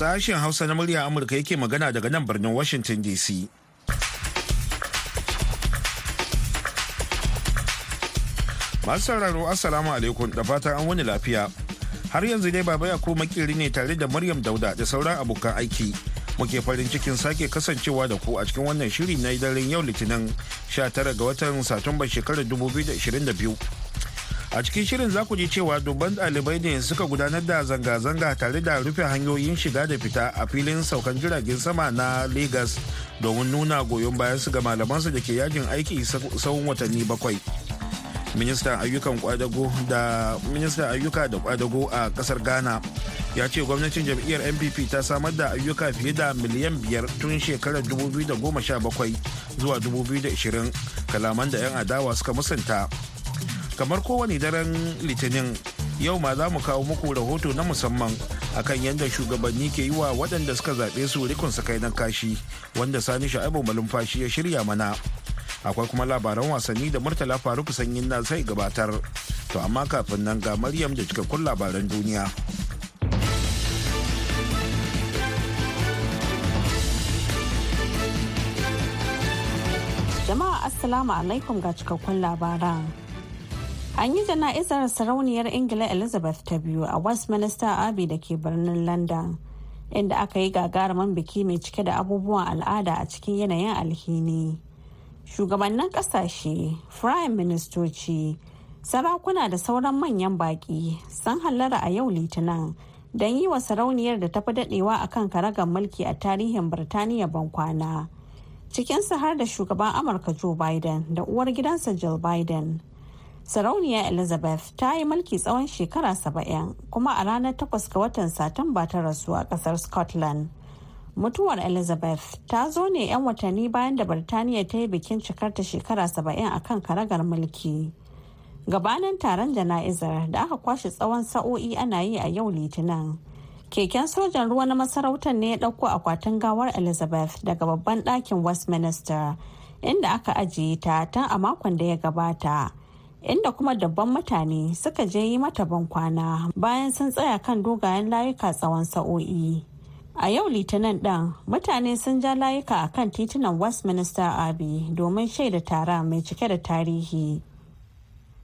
Sashen Hausa na murya Amurka yake magana daga nan birnin Washington DC. Masu sauraro Assalamu alaikum da fatan an wani lafiya. Har yanzu dai baba ya ko makiri ne tare da Maryam Dauda da sauran abokan aiki. Muke farin cikin sake kasancewa da ku a cikin wannan shiri na daren yau Litinin 19 ga watan Satumba shekarar 2022. a cikin shirin za ku ji cewa dubban ɗalibai ne suka gudanar da zanga-zanga tare da rufe hanyoyin shiga da fita a filin saukan jiragen sama na lagos domin nuna goyon bayan su ga malamansu da ke yajin aiki tsawon watanni bakwai ministan ayyukan kwadago da ministan ayyuka da kwadago a kasar ghana ya ce gwamnatin jam'iyyar npp ta samar da ayyuka fiye da miliyan biyar tun shekarar 2017 zuwa 2020 kalaman da 'yan adawa suka musanta kamar kowane daren litinin yau ma za mu kawo muku rahoto na musamman akan yadda shugabanni ke yi wa waɗanda suka zaɓe su rikon sakai na kashi wanda sani sha'ibu malumfashi ya shirya mana akwai kuma labaran wasanni da murtala faruk sanyin na sai gabatar to amma kafin nan ga maryam da cikakkun labaran duniya jama'a assalamu alaikum ga cikakkun labaran An yi jana'izar sarauniyar Ingila Elizabeth ta biyu a Westminster Abbey da ke birnin London, inda aka yi gagarumin biki mai cike da abubuwan al'ada a cikin yanayin alhini. Shugabannin kasashe, firayim ministoci, sarakuna da sauran manyan baƙi sun hallara a yau litinin don yi wa sarauniyar da ta fi daɗewa a kan karagar mulki a tarihin Birtaniya bankwana. Cikinsu har da shugaban Amurka Joe Biden da uwar gidansa Jill Biden. sarauniya elizabeth ta yi mulki tsawon shekara saba'in kuma a ranar takwas ga watan satumba ta rasu a kasar scotland mutuwar elizabeth ta zo ne 'yan watanni bayan da birtaniya ta yi bikin cikarta shekara saba'in a kan karagar mulki gabanin taron jana'izar da aka kwashe tsawon sa'o'i ana yi a yau litinin keken sojan ruwa na masarautar ne ya ɗauko akwatin gawar elizabeth daga babban ɗakin westminster inda aka ajiye ta tun a makon da ya gabata inda kuma dabban mutane suka je yi mata bankwana bayan sun tsaya kan dogayen layuka tsawon sa'o'i a yau litinin ɗin mutane sun ja layuka a kan titunan westminster abbey domin shaida tara mai cike da tarihi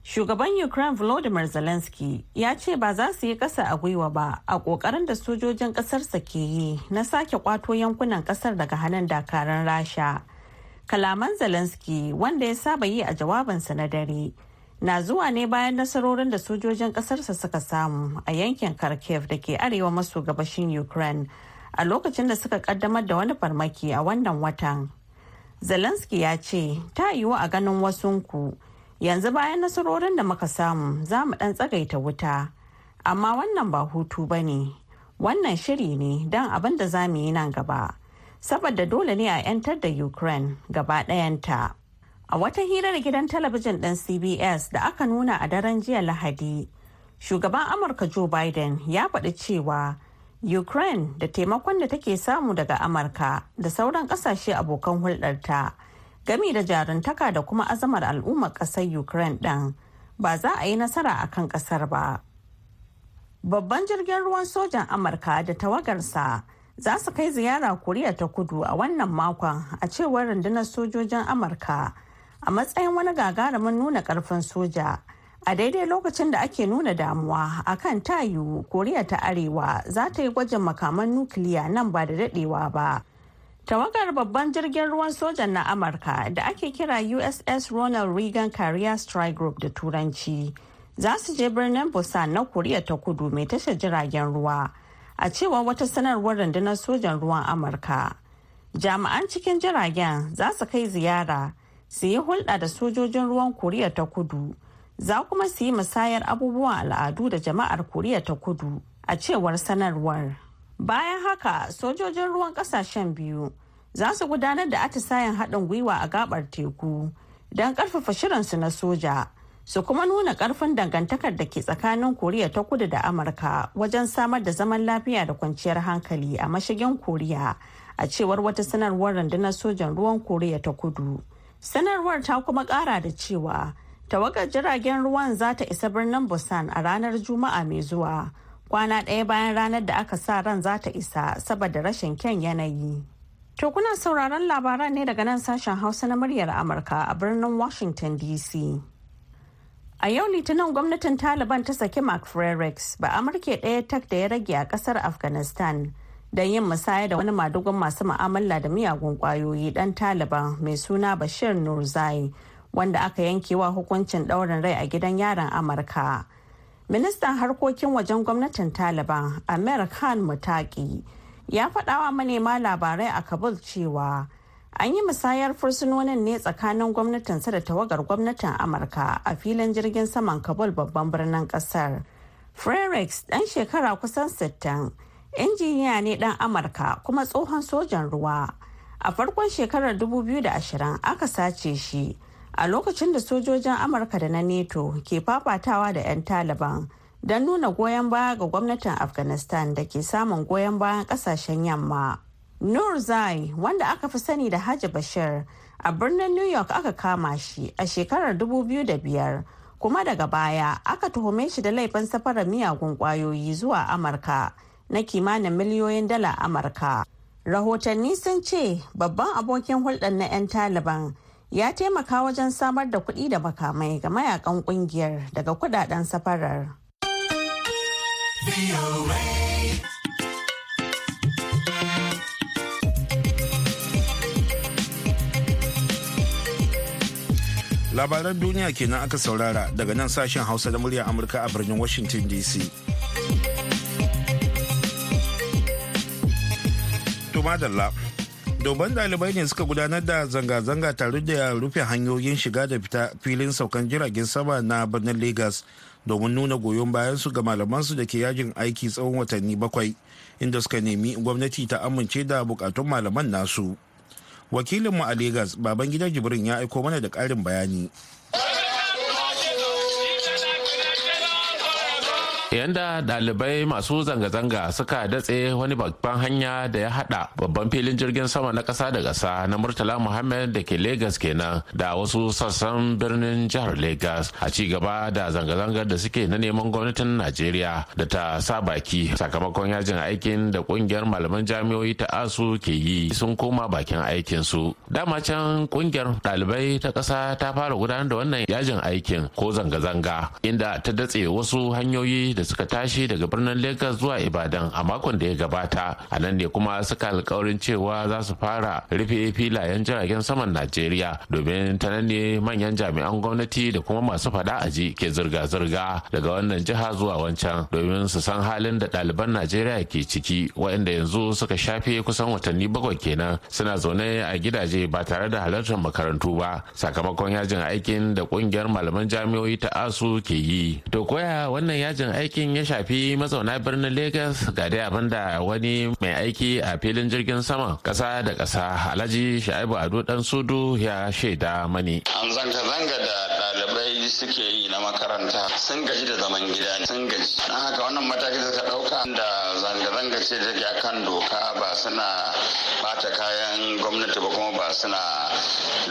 shugaban ukraine volodymyr zelensky ya ce ba za su yi ƙasa a gwiwa ba a ƙoƙarin da sojojin ƙasarsa ke yi na sake kwato yankunan ƙasar daga hannun dakarun rasha kalaman zelensky wanda ya saba yi a jawabinsa na dare na zuwa ne bayan nasarorin da sojojin kasarsa suka samu a yankin kharkiv da ke arewa maso gabashin ukraine a lokacin da suka kaddamar da wani farmaki a wannan watan zelensky ya ce ta yiwu a ganin wasunku yanzu bayan nasarorin da muka samu za mu dan tsagaita wuta amma wannan ba hutu ba ne wannan shiri ne don abin da za mu yi nan gaba saboda dole ne a 'yantar da ukraine gaba ɗayanta. A wata hirar gidan talabijin ɗin CBS da aka nuna a daren jiya Lahadi, shugaban Amurka Joe Biden ya faɗi cewa Ukraine da taimakon da take samu daga Amurka da sauran ƙasashe abokan hulɗarta gami da jaruntaka da kuma azamar al'ummar ƙasar Ukraine ɗin ba za a yi nasara a kan ƙasar ba. Babban jirgin ruwan sojan Amurka da tawagarsa za su kai ziyara Koriya ta kudu a wannan makon a cewar rundunar sojojin Amurka. a matsayin wani gagarumin nuna karfin soja a daidai lokacin da ake nuna damuwa a akan tayu koriya ta arewa za ta yi gwajin makaman nukiliya nan ba da dadewa ba tawagar babban jirgin ruwan sojan na amurka da ake kira uss ronald reagan career strike group da turanci za su je birnin busan na koriya ta kudu mai tashar jiragen ruwa a cewa wata sanarwar rundunar sojan ruwan amurka jami'an cikin jiragen za su kai ziyara su yi hulɗa da sojojin ruwan koriya ta kudu za kuma su yi musayar abubuwan al'adu da jama'ar koriya ta kudu a cewar sanarwar bayan haka sojojin ruwan kasashen biyu za su gudanar da atisayen haɗin gwiwa a gabar teku don ƙarfafa shirinsu na soja su kuma nuna ƙarfin dangantakar da ke tsakanin koriya ta kudu da amurka wajen samar da zaman lafiya da kwanciyar hankali a mashigin koriya a cewar wata sanarwar rundunar sojan ruwan koriya ta kudu. sanarwar ta kuma kara da cewa tawagar jiragen ruwan za ta isa birnin busan a ranar juma'a mai zuwa kwana ɗaya bayan ranar da aka sa ran za ta isa saboda rashin kyan yanayi to kuna sauraron labaran ne daga nan sashen hausa na muryar amurka a birnin washington dc a yau litinin gwamnatin taliban ta saki mark frericks ba amurke ɗaya tak da ya rage a ƙasar afghanistan don yin musaya da wani madugun masu ma'amala da miyagun kwayoyi dan taliban mai suna bashir nurzai wanda aka yankewa hukuncin ɗaurin rai a gidan yaron amurka ministan harkokin wajen gwamnatin taliban amir khan mutaki ya faɗawa manema labarai a kabul cewa an yi musayar fursunonin ne tsakanin gwamnatinsa da tawagar gwamnatin amurka a filin jirgin saman kabul babban birnin kasar frerix ɗan shekara kusan 60 injiniya ne dan amurka kuma tsohon sojan ruwa a farkon shekarar 2020 aka sace shi a lokacin da sojojin amurka da na neto ke fafatawa da 'yan taliban don nuna goyon baya ga gwamnatin afghanistan da ke samun goyon bayan kasashen yamma nur zai wanda aka fi sani da hajji bashir a birnin new york aka kama shi a shekarar 2005 kuma daga baya aka tuhume shi da laifin safarar miyagun kwayoyi zuwa amurka na kimanin miliyoyin dala amurka rahotanni sun ce babban abokin hulɗar na 'yan taliban ya taimaka wajen samar da kuɗi da makamai ga mayakan ƙungiyar daga kudaden safarar labaran duniya kenan aka saurara daga nan sashen hausa da murya amurka a birnin washington dc madalla doban dalibai ne suka gudanar da zanga-zanga tare da rufe hanyoyin shiga da fita filin saukan jiragen sama na birnin lagos domin nuna goyon bayan su ga malamansu da ke yajin aiki tsawon watanni bakwai inda suka nemi gwamnati ta amince da bukatun malaman nasu wakilinmu a lagos baban gidan jibrin ya aiko mana da ƙarin bayani yanda dalibai masu zanga-zanga suka datse wani babban hanya da ya hada babban filin jirgin sama na kasa da kasa na murtala muhammad da ke lagos kenan da wasu sassan birnin jihar Legas, a ci gaba da zanga-zangar da suke na neman gwamnatin najeriya da ta sa baki sakamakon yajin aikin da kungiyar malaman jami'oyi ta asu ke yi sun koma bakin aikin su dama can kungiyar dalibai ta kasa ta fara gudanar da wannan yajin aikin ko zanga-zanga inda ta datse wasu hanyoyi da suka tashi daga birnin Lagos zuwa Ibadan a makon da ya gabata. A nan ne kuma suka alkawarin cewa za su fara rufe filayen jiragen saman Najeriya domin ta nan ne manyan jami'an gwamnati da kuma masu fada aji ke zirga-zirga daga wannan jiha zuwa wancan domin su san halin da ɗaliban Najeriya ke ciki waɗanda yanzu suka shafe kusan watanni bakwai kenan suna zaune a gidaje ba tare da halartar makarantu ba sakamakon yajin aikin da ƙungiyar malaman jami'o'i ta asu ke yi. To koya wannan yajin aikin aikin ya shafi mazauna birnin Legas ga dai abin da wani mai aiki a filin jirgin sama ƙasa da kasa Alhaji Sha'ibu Ado Dan Sudu ya shaida mani. An zanga-zanga da ɗalibai suke yi na makaranta sun gaji da zaman gida sun gaji. Don haka wannan matakin da suka ɗauka da zanga ce da take kan doka ba suna bata kayan gwamnati ba kuma ba suna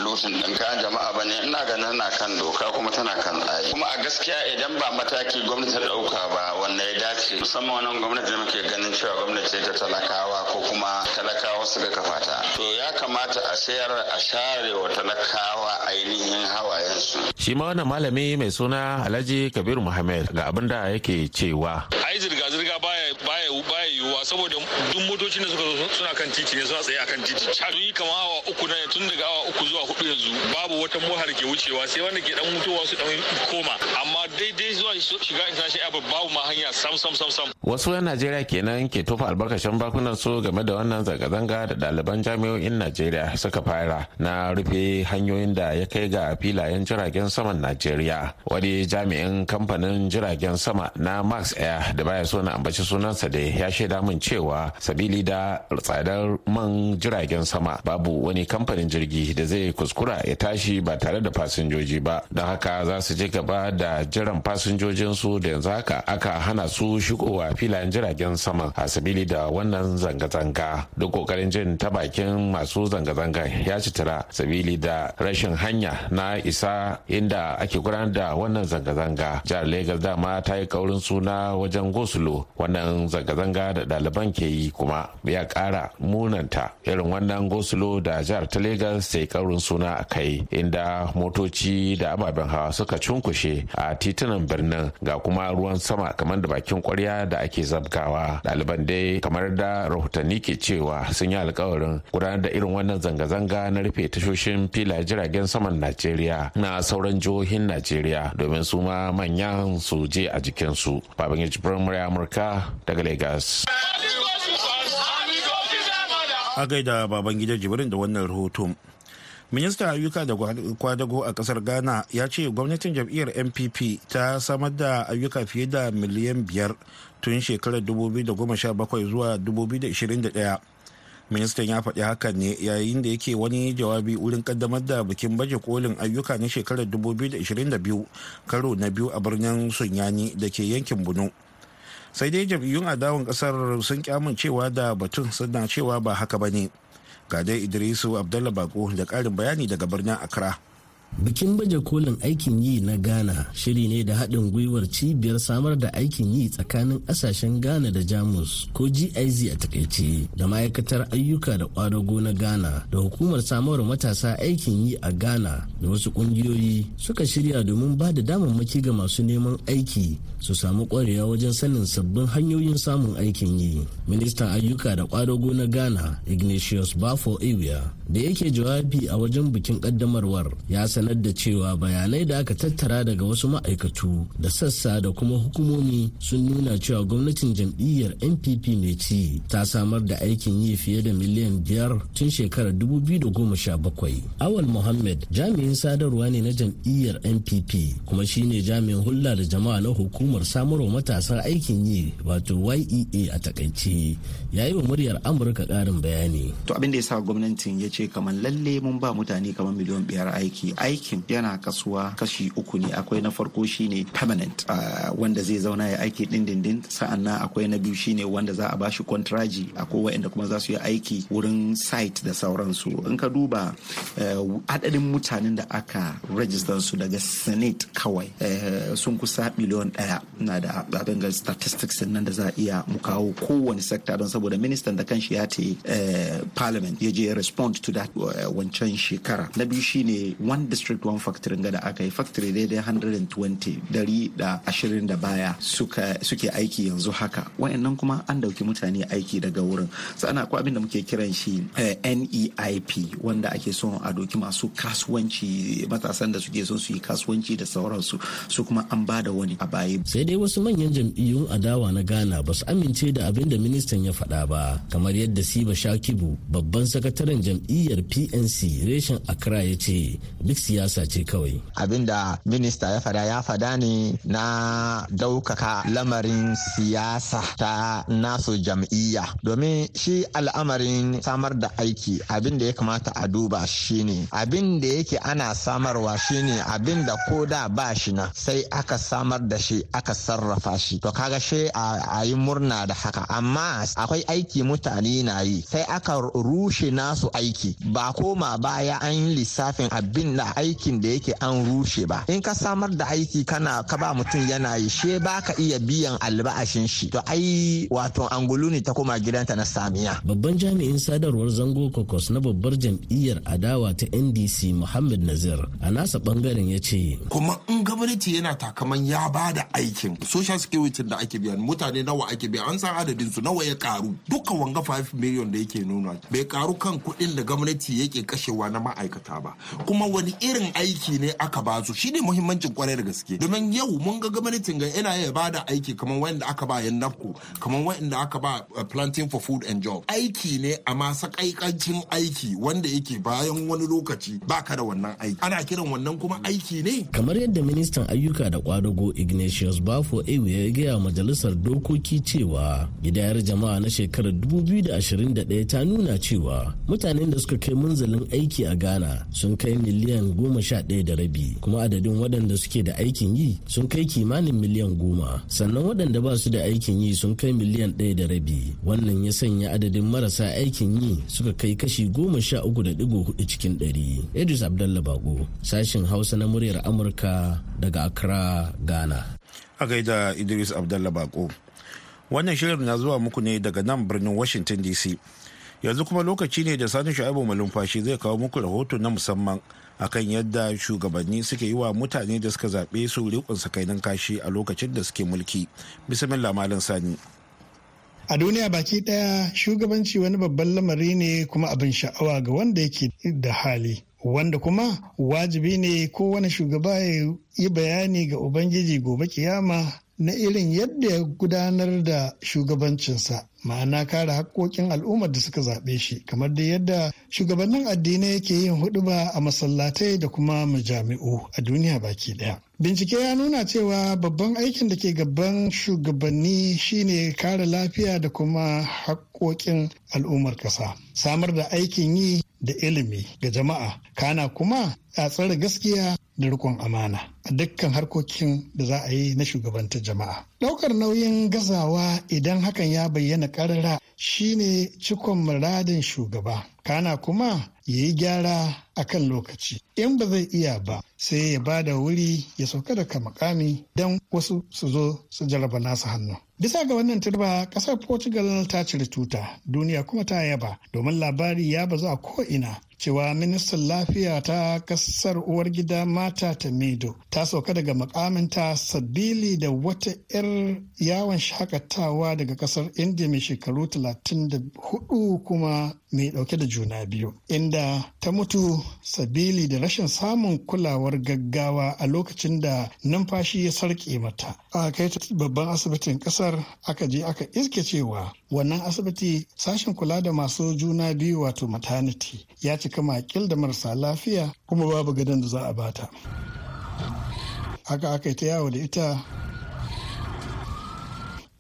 lutin ɗin kayan jama'a ba ne ina ganin na kan doka kuma tana kan tsari kuma a gaskiya idan ba mataki gwamnati ta ɗauka ba wanda ya dace musamman wannan gwamnati da muke ganin cewa gwamnati ce ta talakawa ko kuma talakawa suka kafa ta to ya kamata a sayar a share wa talakawa ainihin hawayensu shi ma wannan malami mai suna alhaji kabiru muhammad ga abin da yake cewa ai zirga-zirga baya baya yiwuwa saboda duk motocin da suka zo suna kan titi ne suna tsaye akan titi sun yi kama awa uku na tun daga awa uku zuwa hudu yanzu babu wata mota ke wucewa sai wanda ke dan mutuwa su dan koma amma daidai zuwa shiga international airport babu ma hanya sam sam sam sam wasu yan najeriya kenan ke tofa albarkacin bakunan su game da wannan zanga-zanga da ɗaliban jami'o'in najeriya suka fara na rufe hanyoyin da ya kai ga filayen jiragen saman najeriya wani jami'in kamfanin jiragen sama na max air da baya so na ambaci sunansa da ya shaida min cewa sabili da tsadar man jiragen sama babu wani kamfanin jirgi da zai kuskura ya tashi ba tare da fasinjoji ba don haka za su ci gaba da jiran fasinjojinsu da yanzu haka aka hana su shigowa filayen jiragen sama a sabili da wannan zanga-zanga duk kokarin jin ta bakin masu zanga-zanga ya ci tara sabili da rashin hanya na isa inda ake gudanar da wannan zanga-zanga jihar lagos dama ta yi kaurin suna wajen gosulo wannan zanga-zanga da ɗaliban ke yi kuma ya ƙara munanta irin wannan gosulo da jihar ta Legas sai karin suna a kai inda motoci da ababen hawa suka cunkushe a titunan birnin ga kuma ruwan sama kamar da bakin kwarya da ake zabgawa ɗaliban dai kamar da rahotanni ke cewa sun yi alkawarin gudanar da irin wannan zanga-zanga na rufe tashoshin fila jiragen saman najeriya na sauran jihohin najeriya domin su ma manyan su je a jikinsu babban ya jibrin amurka daga legas. A gaida baban gidan jibirin da wannan rahoto. Ministan ayyuka da kwadago a kasar Ghana ya ce gwamnatin jam'iyyar npp ta samar da ayyuka fiye da miliyan biyar tun shekarar 2017 zuwa 2021. ministan ya faɗi haka ne yayin da yake wani jawabi wurin kaddamar da bikin baje kolin ayyuka na shekarar 2022 karo na biyu a birnin sunyani da ke yankin bunu sai dai jam'iyyun adawan kasar sun kyamun cewa da batun suna cewa ba haka ba ne ga dai idrisu abdullah bako da karin bayani daga birnin accra Bikin baje kolin aikin yi na Ghana shiri ne da haɗin gwiwar cibiyar samar da aikin yi tsakanin ƙasashen Ghana da Jamus ko GIZ a takaice da ma'aikatar ayyuka da ƙwadago na Ghana da hukumar samar matasa aikin yi a Ghana da wasu ƙungiyoyi suka shirya domin ba da damammaki ga masu neman aiki su samu ƙwarewa wajen sanin sabbin hanyoyin samun aikin yi. Ministan ayyuka da ƙwadago na Ghana Ignatius Bafo Iwia da yake jawabi a wajen bikin ƙaddamarwar ya sanar sanar da cewa bayanai da aka tattara daga wasu ma'aikatu da sassa da kuma hukumomi sun nuna cewa gwamnatin jam'iyyar npp mai ci ta samar da aikin yi fiye da miliyan biyar tun shekarar 2017 awal muhammad jami'in sadarwa ne na jam'iyyar npp kuma shine jami'in hulɗa da jama'a na hukumar samarwa matasa aikin yi wato yea a takaice ya yi wa muryar amurka karin bayani to abin da ya sa gwamnatin ya ce kamar lalle mun ba mutane kamar miliyan biyar aiki ai aikin yana kasuwa kashi uku ne akwai na farko shine permanent uh, wanda zai zauna ya aiki dindindin sa'an nan akwai na biyu shine wanda za a bashi kontraji akwai wa'anda kuma za su yi aiki wurin site da sauransu in ka duba uh, adadin mutanen da aka register su daga senate kawai uh, sun kusa miliyon daya na da dangar statistics nan da za a iya mu kawo kowane sekta don saboda minister da kanshi ya ce parliament ya je respond to that wancan shekara na biyu shine wanda district 1 factory ga da aka yi factory daidai 120 dari da ashirin da baya suke aiki yanzu haka wayannan kuma an dauki mutane aiki daga wurin sannan akwai abin da muke kiran shi eh, neip wanda ake son a doki masu kasuwanci matasan da suke son su yi kasuwanci da sauransu su kuma an ba da wani a baya sai dai wasu manyan jam'iyyun adawa na ghana ba su amince da abin da ministan ya faɗa ba kamar yadda siba shakibu babban sakataren jam'iyyar pnc reshen accra ya ce duk siyasa ce kawai abinda minista ya fada ya fada ne na daukaka lamarin siyasa ta nasu jam'iyya domin shi al'amarin samar da aiki abinda ya kamata a duba ne. abin da yake ana samarwa shine abin da ko da ba shi na sai aka samar da shi aka sarrafa shi to kaga shi a yi murna da haka amma akwai aiki mutane na yi sai aka rushe nasu aiki ba koma baya an yi lissafin abin da aikin da yake an rushe ba in ka samar da aiki kana ka ba mutum yana yi she ba ka iya biyan albashin shi to ai wato angulu ne ta koma gidanta na samiya babban jami'in sadarwar zango kokos na babbar jam'iyyar adawa ta ndc muhammad nazir a nasa bangaren ya ce kuma in gwamnati yana takaman ya ba da aikin social security da ake biya mutane nawa ake biya an san adadin su nawa ya karu duka wanga 5 million da yake nuna bai karu kan kuɗin da gwamnati yake kashewa na ma'aikata ba kuma wani irin aiki ne aka ba su shine muhimmancin kwarai da gaske domin yau mun ga gwamnatin ga yana ya bada aiki kamar wanda aka ba yan kamar wanda aka ba eh, planting for food and job aiki ne amma sakaikancin aiki wanda yake bayan wani lokaci baka da wannan aiki ana kiran wannan kuma aiki ne kamar yadda ministan ayyuka da kwadago ignatius bafo ewe ya gaya majalisar dokoki cewa gidayar jama'a na shekarar 2021 ta nuna cewa mutanen da suka kai munzalin aiki a ghana sun kai miliyan goma sha ɗaya da rabi kuma adadin waɗanda suke da aikin yi sun kai kimanin miliyan goma sannan waɗanda ba su da aikin yi sun kai miliyan ɗaya da rabi wannan ya sanya adadin marasa aikin yi suka kai kashi goma sha uku da ɗigo hudu cikin ɗari idris abdallah bago sashin hausa na muryar amurka daga accra ghana a gaida idris abdallah bako wannan shirin na zuwa muku ne daga nan birnin washington dc yanzu kuma lokaci ne da sani shu'aibu malumfashi zai kawo muku rahoto na musamman akan yadda shugabanni suke yi wa mutane da suka zaɓe su riƙon sakainin kashi a lokacin da suke mulki bismillah malam sani a duniya baki ɗaya shugabanci wani babban lamari ne kuma abin sha'awa ga wanda yake da hali wanda kuma wajibi ne kowane shugaba ya yi bayani ga ubangiji gobe kiyama na irin yadda ya gudanar da shugabancinsa ma'ana kare haƙoƙin al'ummar da suka zaɓe shi kamar da yadda shugabannin addinai yake yin huɗuba a masallatai da kuma majami'u a duniya baki ɗaya. Bincike ya nuna cewa babban aikin da ke gaban shugabanni shine kare lafiya da kuma haƙoƙin al'ummar ƙasa, samar da aikin yi da ilimi ga jama'a, kana kuma a tsare gaskiya da rikon amana a dukkan harkokin da za a yi na shugabantar jama'a. Ɗaukar nauyin gazawa idan hakan ya bayyana ƙarara shine cikon muradin shugaba. Kana kuma ya yi gyara a kan lokaci. In ba zai iya ba sai ya ba da wuri ya sauka daga makami don wasu su zo su jaraba nasu hannu. Bisa ga wannan turba ƙasar Portugal ta cire tuta, duniya kuma ta yaba domin labari ya bazu a ko'ina cewa ministan lafiya ta kasar uwar gida mata tamido ta sauka daga makaminta sabili da wata 'yar yawon shakatawa daga kasar india mai shekaru 34 kuma mai dauke da juna biyu inda ta mutu sabili da rashin samun kulawar gaggawa a lokacin da numfashi ya sarƙe mata aka kai ta babban asibitin kasar aka je aka iske cewa wannan asibiti sashen kula da masu juna biyu wato maternity ya cika makil da marasa lafiya kuma babu gadon da za a bata haka aka yi ta yawo da ita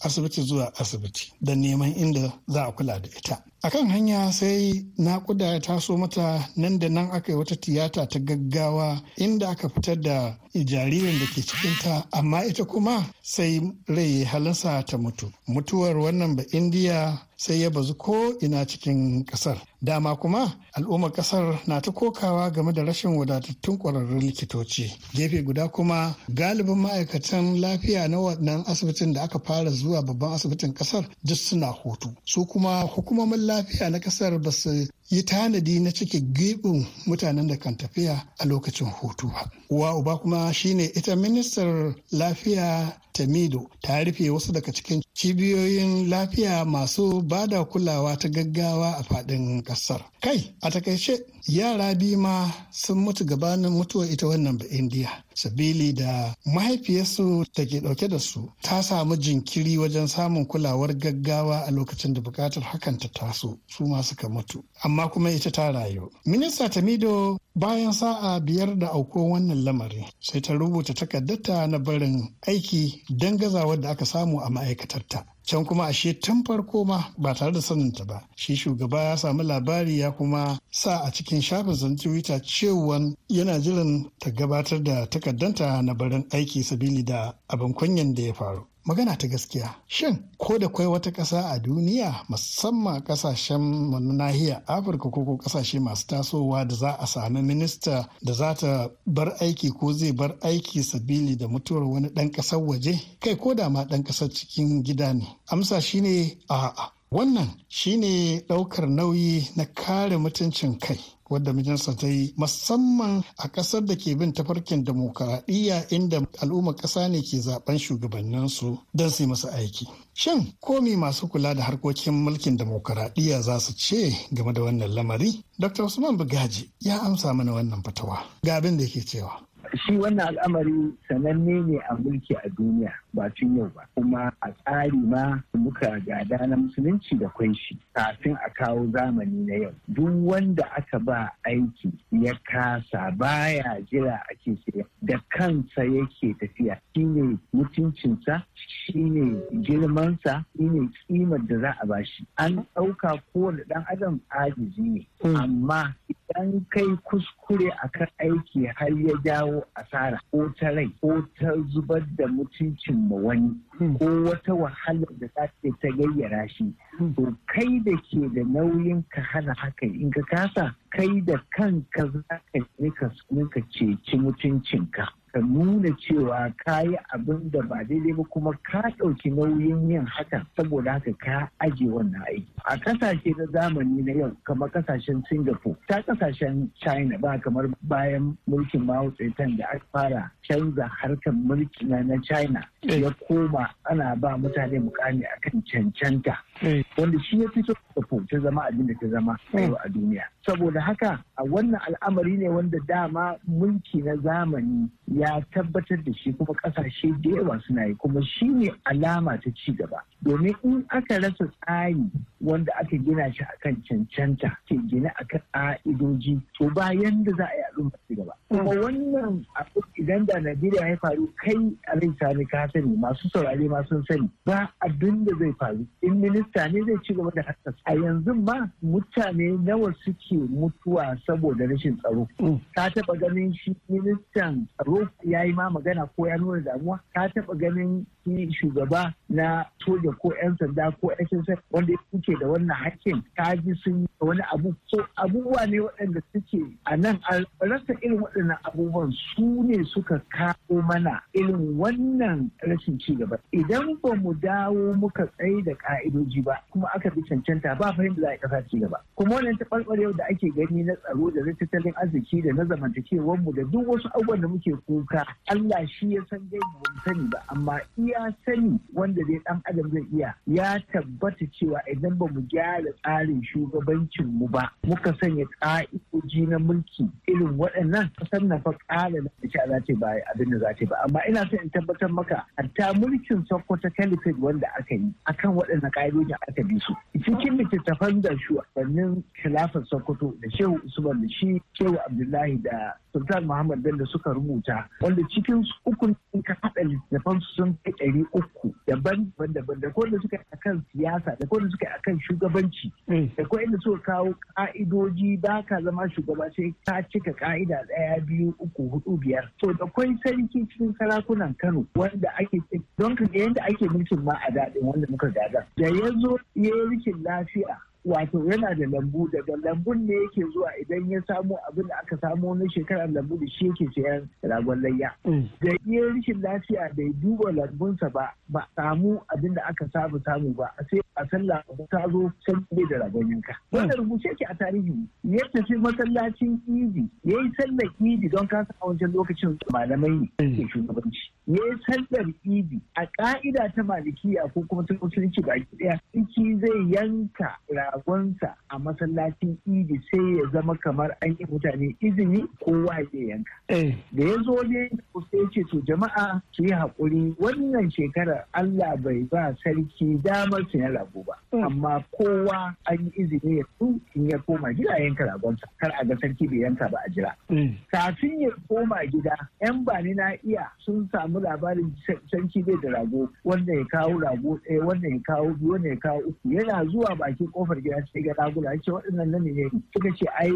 asibiti zuwa asibiti da neman inda za a kula da ita akan hanya sai naƙuda ya taso mata nan da nan aka yi wata tiyata ta gaggawa inda aka fitar da jaririn da ke cikinta amma ita kuma sai rai halinsa ta mutu mutuwar wannan ba indiya sai ya bazu ko ina cikin kasar dama kuma al'ummar kasar na ta kokawa game da rashin wadatattun kwararrun likitoci gefe guda kuma galibin ma'aikatan lafiya na wannan asibitin da aka fara zuwa babban asibitin kasar duk suna hutu su kuma hukumomin lafiya na kasar ba su yi tanadi na cike gibin mutanen da kan tafiya a lokacin hutu ba. Uwa uba kuma shine ita ministar lafiya Tamido ta rufe wasu daga cikin cibiyoyin lafiya masu bada kulawa ta gaggawa a faɗin ƙasar. Kai, a takaice yara biyu ma sun mutu gabanin mutuwar ita wannan ba indiya sabili da mahaifiyarsu da ke dauke da su ta samu jinkiri wajen samun kulawar gaggawa a lokacin da bukatar hakan ta taso su ma suka mutu amma kuma ita ta rayu minista tamido bayan sa'a biyar da auko wannan lamari sai ta rubuta takaddata na barin aiki don gazawar da aka samu a ma'aikatarta can kuma ashe tun farko ma ba tare da saninta ba shi shugaba ya samu labari ya kuma sa a cikin shafin twitter cewan yana jiran ta gabatar da takaddanta na barin aiki sabili da abin kunyan da ya faru magana ta gaskiya shin ko da kwai wata ƙasa a duniya musamman ƙasashen nahiyar afirka ko ƙasashe masu tasowa da za a sami minista da za ta bar aiki ko zai bar aiki sabili da mutuwar wani ɗan ƙasar waje kai ko da ma ɗan ƙasar cikin gida ne amsa shine a'a wannan shine ɗaukar nauyi na kare mutuncin kai wadda mijinsa ta yi musamman a ƙasar da ke bin tafarkin demokaradiyya inda al'umma ƙasa ne ke zaben shugabanninsu don su yi masa aiki. Shin komi masu kula da harkokin mulkin demokaradiyya za su ce game da wannan lamari? Dr. Usman Bugaji ya amsa mana wannan fatawa. Ga abin da yake cewa. shi wannan al'amari sananne ne a mulki a duniya ba tun yau ba kuma a tsari ma muka gada na musulunci da kwai shi kafin a kawo zamani na yau duk wanda aka ba aiki ya kasa baya jira ake siya da kansa yake tafiya Shi ne mutuncinsa shi ne girmansa shi ne kimar da za a bashi an ɗauka kowane ɗan adam ajiji ne hmm. amma an kai kuskure a kan aiki har ya jawo asara ko ta rai ko ta zubar da mutuncin ma wani Hmm. ko wata wahalar da za ta ta gayyara shi hmm. to kai da ke da nauyin ka hana haka in ka kasa kai da kanka za ka je ka ka ceci mutuncinka ka nuna cewa ka yi abin da ba daidai ba kuma ka ɗauki nauyin yin haka saboda haka ka ajiye wannan aiki a ƙasashe na zamani na yau kamar ƙasashen singapore ta ƙasashen china ba kamar bayan mulkin mao da aka fara canza harkar mulki na china ya eh. koma ana ba mutane mukami akan cancanta eh. wanda shi ya fito da ta zama abin da ta zama a duniya saboda haka a wannan al'amari ne wanda dama mulki na zamani ya tabbatar da shi kuma kasashe da yawa suna yi kuma shi ne alama ta ci gaba domin in aka rasa tsari wanda aka gina shi akan cancanta ke gina akan ƙa'idoji to bayan da za a yi al'umma ci gaba kuma wannan abin idan da Najeriya ya faru kai a zai sami ka sani masu saurari ma sun sani ba abin da zai faru in minista ne zai ci gaba da hassas a yanzu ma mutane nawa suke mutuwa saboda rashin tsaro mm. ka taba ganin shi ministan tsaro ya yi ma magana ko ya nuna damuwa ka taba ganin shi shugaba na soja ko 'yan sanda ko SSF wanda suke da wannan hakkin ka ji sun wani abu ko abubuwa ne waɗanda suke a nan a rasa irin waɗannan abubuwan su ne suka kawo mana irin wannan rashin ci gaba idan ba mu dawo muka tsaye da ka'idoji ba kuma aka bi cancanta ba fahimta za a kasa ci gaba kuma wannan taɓarɓarewa da ake gani na tsaro da na tattalin arziki da na zamantakewar mu da duk wasu abubuwan da muke kuka Allah shi ya san dai ba mu sani ba amma iya sani wanda dai dan adam zai iya ya tabbata cewa idan ba mu gyara tsarin shugabancin mu ba muka sanya ka'idoji na mulki irin waɗannan kasar na fa ƙara na ta ce ba abin da za ta ba amma ina son in tabbatar maka hatta mulkin sokoto caliphate wanda aka yi akan waɗannan ƙa'idoji aka bi su cikin littattafan da shugabannin khilafar sokoto da shehu usman da shi shehu abdullahi da sultan muhammad bello suka rubuta wanda cikin ukun ka haɗa littattafan su sun kai ɗari uku daban daban daban da kowanne suka yi akan siyasa da kowanne suka yi akan shugabanci mm. da kowanne suka kawo ƙa'idoji ba ka zama shugaba sai ka cika ƙa'ida ɗaya biyu uku hudu biyar to da kwai sarki cikin sarakunan kano wanda ake don ka ga yadda ake mulkin ma a daɗin wanda muka gada da ya zo ya yi rikin lafiya wato yana da lambu daga lambun ne yake zuwa idan ya samu abin da aka samu na shekarar lambu da shi yake sayan ragon layya mm. da iya rashin lafiya bai duba lambunsa ba ba samu abin da aka samu samu ba sai a sallah ta zo san da ragon yanka mm. wannan rubuce ke a tarihi ya tafi masallacin idi ya yi sallar idi don kasa a wancan lokacin malamai ne mm. ke shugabanci ya yi sallar idi a ka'ida ta malikiya ko kuma ta musulunci baki daya ciki zai yanka ragonsa a masallacin idi sai ya zama kamar an yi mutane izini ko waje yanka eh. da ya zo ne sai ce to jama'a su yi haƙuri wannan shekarar Allah bai ba sarki damar su na rago ba mm. amma kowa an yi izini ya su in ya koma gida yanka ragonsa kar a ga sarki bai yanka ba a jira mm. kafin ya koma gida yan bani na iya sun samu samu labarin canci bai da rago wanda ya kawo rago ɗaya wanda ya kawo biyu wanda ya kawo uku yana zuwa bakin kofar gida sai ga ragula ya ce waɗannan nan ne suka ce ai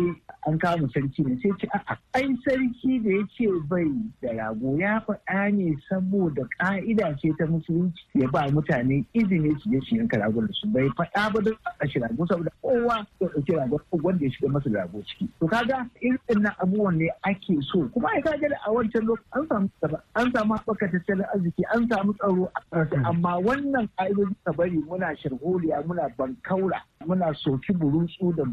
an kama sarki ne sai ce a'a ai sarki da ya ce bai da rago ya faɗa ne saboda ƙa'ida ce ta musulunci ya ba mutane izini su je su yanka da su bai faɗa ba don a shi rago saboda kowa ya ɗauki ko wanda ya shiga masa rago ciki to kaga irin na abubuwan ne ake so kuma ai kaga a wancan lokacin an samu an samu haɓaka tattalin arziki an samu tsaro mm. amma wannan ƙa'idoji ta bari muna sharholiya muna bankaura muna soki burutsu da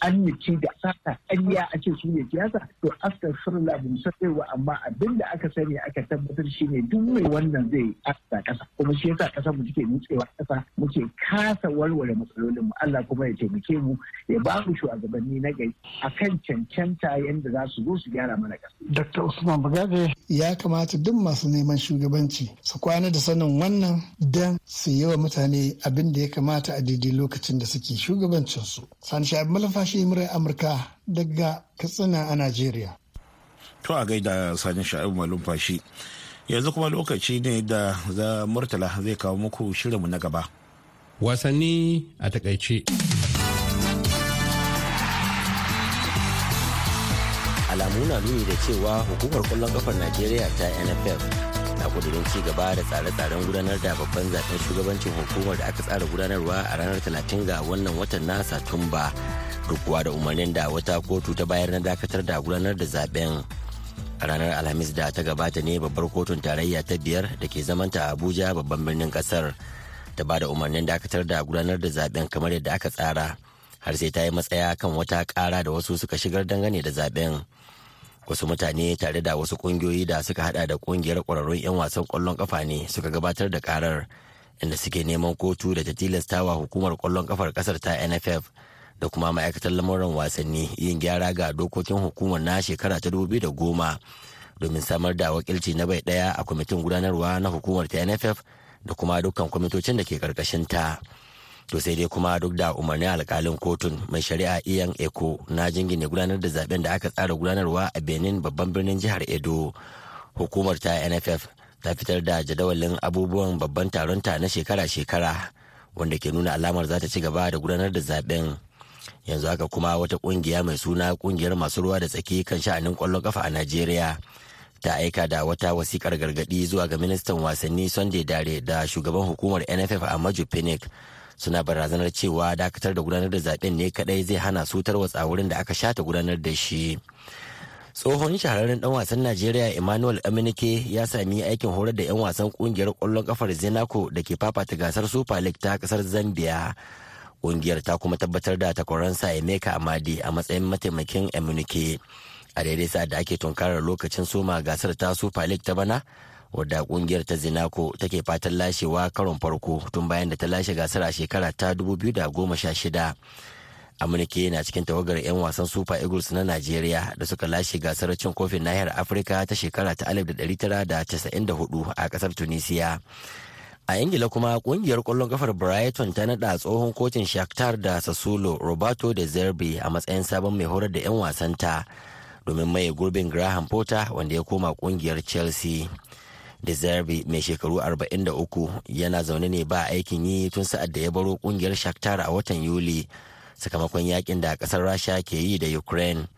annici da sata ƙarya a ce su ne siyasa to askar sirla bin sarewa amma abin da aka sani aka tabbatar shi ne duk mai wannan zai asta ƙasa kuma shi yasa ƙasa mu take nutsewa ƙasa muke kasa warware matsalolin mu Allah kuma ya taimake mu ya ba mu shugabanni na gari akan cancanta yadda za su zo su gyara mana ƙasa. Dr. Usman Bagaje ya kamata duk masu masu neman shugabanci su kwana da sanin wannan don su yi wa mutane abin da ya kamata a daidai lokacin da suke shugabancinsu. Sani Shabi Malafashi Murai Amurka daga Katsina a Najeriya. To a gaida Sani Shabi Malafashi Yanzu kuma lokaci ne da za Murtala zai kawo muku shirinmu na gaba. Wasanni a takaice. na nuni da cewa hukumar kwallon kafar najeriya ta nff na kudurin ci gaba da tsare-tsaren gudanar da babban zaben shugabancin hukumar da aka tsara gudanarwa a ranar 30 ga wannan watan na satumba duk da umarnin da wata kotu ta bayar na dakatar da gudanar da zaben a ranar alhamis da ta gabata ne babbar kotun tarayya ta biyar da ke zamanta a abuja babban birnin kasar ta ba da umarnin dakatar da gudanar da zaben kamar yadda aka tsara har sai ta yi matsaya kan wata kara da wasu suka shigar dangane da zaben wasu mutane tare da wasu kungiyoyi da suka hada da kungiyar kwararrun 'yan wasan kwallon kafa ne suka gabatar da karar inda suke neman kotu da ta tilastawa hukumar kwallon kafar kasar ta nff da kuma ma'aikatar lamuran wasanni yin gyara ga dokokin hukumar na shekara ta dubu da goma domin samar da wakilci na bai daya a kwamitin gudanarwa na hukumar ta nff da kuma dukkan kwamitocin da ke karkashin ta. to sai dai kuma duk da umarnin alkalin kotun mai shari'a iyan eko na jingine gudanar da zaben da aka tsara gudanarwa a benin babban birnin jihar edo hukumar ta nff ta fitar da jadawalin abubuwan babban taron ta na shekara-shekara wanda ke nuna alamar za ta ci gaba da gudanar da zaben yanzu haka kuma wata kungiya mai suna kungiyar masu ruwa da tsaki kan sha'anin kwallon kafa a najeriya ta aika da wata wasikar gargadi zuwa ga ministan wasanni sunday dare da shugaban hukumar nff a maju phoenix suna barazanar cewa dakatar da gudanar da zaben ne kadai zai hana su tarwatsa wurin da aka shata gudanar da shi tsohon shahararren dan wasan najeriya emmanuel aminike ya sami aikin horar da 'yan wasan kungiyar kwallon kafar zenako da ke fafata gasar super league ta kasar zambia kungiyar ta kuma tabbatar da takwaransa emeka amadi a matsayin mataimakin aminike a daidai sa da ake tunkarar lokacin soma gasar ta super league ta bana wadda kungiyar ta zinako take fatan lashewa karon farko tun bayan da ta lashe gasar a shekara ta 2016 amurka na cikin tawagar 'yan wasan super eagles na najeriya da suka lashe gasar cin kofin nahiyar afirka ta shekara ta 1994 a kasar tunisia a ingila kuma kungiyar kwallon kafar brighton ta nada tsohon kocin shakhtar da sasulo roberto de zerbi a matsayin sabon mai horar da 'yan wasanta domin maye gurbin graham potter wanda ya koma kungiyar chelsea zerbi mai shekaru 43 yana zaune ne ba aikin yi tun sa'ad da ya baro kungiyar shaktar a watan Yuli sakamakon yakin da kasar Rasha ke yi da Ukraine.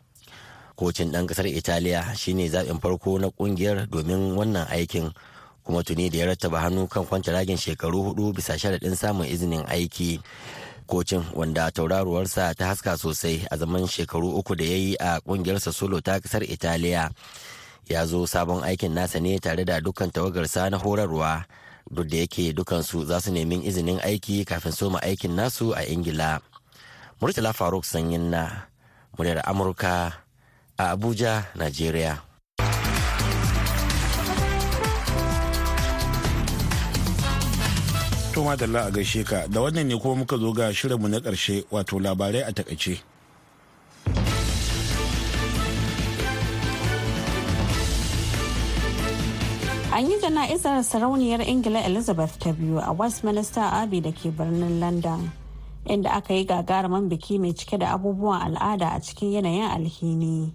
Kocin ɗan kasar Italiya shine zaɓin farko na kungiyar domin wannan aikin kuma tuni da ya rattaba hannu kan kwanta ragin shekaru hudu bisa sharaɗin samun izinin aiki. Kocin wanda tauraruwarsa ta haska sosai a zaman shekaru uku da ya yi a kungiyarsa solo ta kasar Italiya. ya zo sabon aikin nasa ne tare da dukkan tawagarsa na horarwa duk da yake dukansu za su nemi izinin aiki kafin soma aikin nasu a ingila murtala faruk sanyin na muryar amurka a abuja nigeria da la a gaishe ka da wannan ne kuma muka zo ga shirinmu na ƙarshe wato labarai a takaice an yi jana'izar sarauniyar ingila elizabeth ta biyu a westminster abbey da ke birnin london inda aka yi gagarumin biki mai cike da abubuwan al'ada a cikin yanayin alhini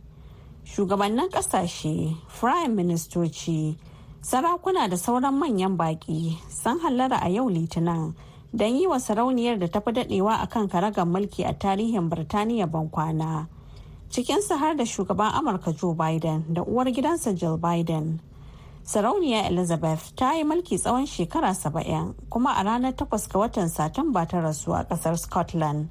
shugabannin kasashe Prime ministoci sarakuna da sauran manyan baki sun hallara a yau litinin don yi wa sarauniyar da tafi dadewa a kan karagar mulki a tarihin birtaniya bankwana cikinsu har da shugaban amurka joe biden da uwar gidansa jill biden Sarauniya Elizabeth ta yi mulki tsawon shekara saba'in kuma a ranar takwas ga watan Satumba ta rasu a kasar Scotland.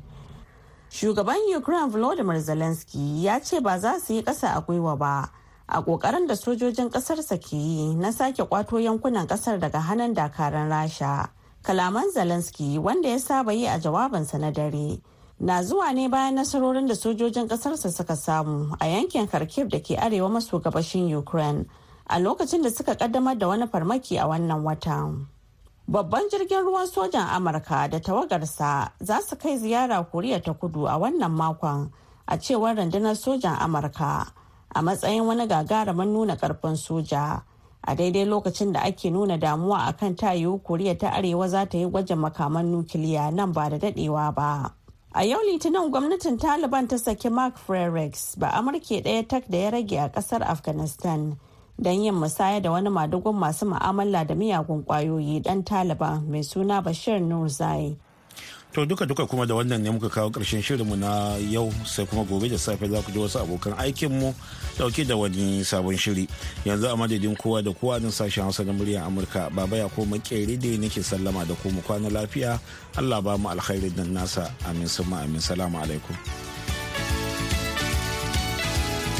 Shugaban Ukraine Volodymyr Zelensky ya ce ba za su yi kasa a gwiwa ba a kokarin da sojojin ƙasarsa ke yi na sake kwato yankunan kasar daga hannun dakaran Rasha. Kalaman Zelensky wanda ya saba yi a jawabinsa na dare. na zuwa ne bayan nasarorin da sojojin ƙasarsa suka samu a yankin kharkiv da ke arewa maso gabashin ukraine a lokacin da suka kaddamar da wani farmaki a wannan watan. Babban jirgin ruwan sojan Amurka da tawagarsa za su kai ziyara Koriya ta kudu a wannan makon a cewar rundunar sojan Amurka a matsayin wani gagarumin nuna karfin soja a daidai lokacin da ake nuna damuwa akan kan tayo Koriya ta Arewa za ta yi gwajin makaman nukiliya nan ba da dadewa ba. A yau Litinin gwamnatin Taliban ta saki Mark Frericks ba Amurke ɗaya tak da ya rage a ƙasar Afghanistan. don yin musaya da wani madugun masu ma'amala da miyagun kwayoyi dan taliban mai suna bashir zai to duka duka kuma da wannan ne muka kawo karshen shirinmu na yau sai kuma gobe da safe za ku ji wasu abokan aikinmu dauke da wani sabon shiri yanzu a madadin kowa da kowa din sashen hausa na muryar amurka baba ya ko makere da nake sallama da ku kwana lafiya allah ba mu alkhairin nan nasa amin amin salamu alaikum